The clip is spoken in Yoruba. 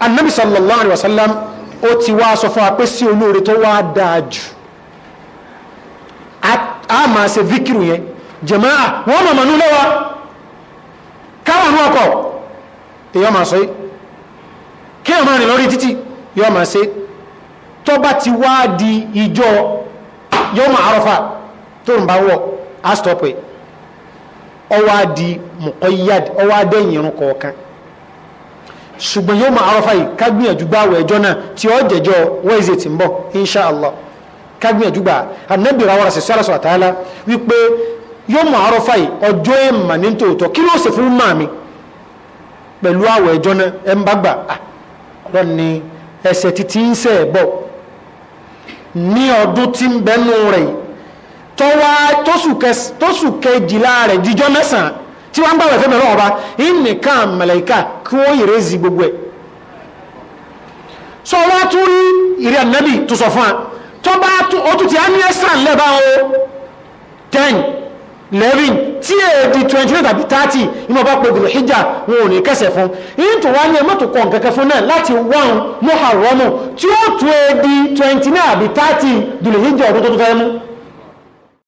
anabi sallallahu alayhi wa sallam ó ti wá sọ fún wa pé sí olóore tó wá dáa jù a máa ṣe vikiru yẹn jẹ̀máà wọ́n mọ̀ mọ̀nú lọ́wọ́ káwọn ní ọkọ̀ èyàn máa sọ é kí èyàn máa rìn lórí títì yọ́ máa ṣe tó bá ti wá di ìjọ yọ́ máa arọ́fà tó ń bá wọ̀ á stop it ọwọ́ á di mọ̀kọ́yád ọwọ́ á irun kọ̀ọ̀kan ṣùgbọ́n yóò máa arọ́fà yìí kágbìyànjú gbà àwẹ̀ ẹjọ́ náà tí ó jẹjọ́ wẹ́ẹ̀zẹ̀ tí ń bọ̀ inṣàlá kágbìyànjú gbà ànábì ra wàrà sẹ̀sọ́ àlàsọ̀ àtàlá wípé yóò máa arọ́fà yìí ọjọ́ ẹ̀ mà ní tòótọ́ kí ló ṣe fún màmí pẹ̀lú àwẹ̀ ẹjọ́ náà ẹ̀ ń bá gbà lọ́ni ẹsẹ̀ títí ń sẹ̀ bọ̀ ní ọdún tí ń bẹ́nu rẹ̀ tọ́wá tóṣù kejìlá rẹ̀ jíjọ́ mẹ́sàn-án tí wọ́n ń gbàwẹ̀ fẹ́ mẹ́lọ́wọ́ bá nìkan mẹ̀lẹ́kà kí wọ́n yẹrẹ zi gbogbo ẹ̀ sọ wọ́n tún rí ìrẹ́ ànábì tó sọ fún wa tó bá o ti á ẹ́sìrà ńlẹ̀ bá o ten eleven tí èdè twenty nine tàbí thirty ìmọ̀ bá pè dùrù hijab wọn ò ní kẹsẹ̀ fún yìí tó wá ní ẹ mọ́tò kọ̀ nǹkan kan fún náà láti wọ́n mọ́hàrọ́mù tí ó tún èdè twenty nine àbí thirty dùrù hijab ọdún tó tún fẹ́ mú.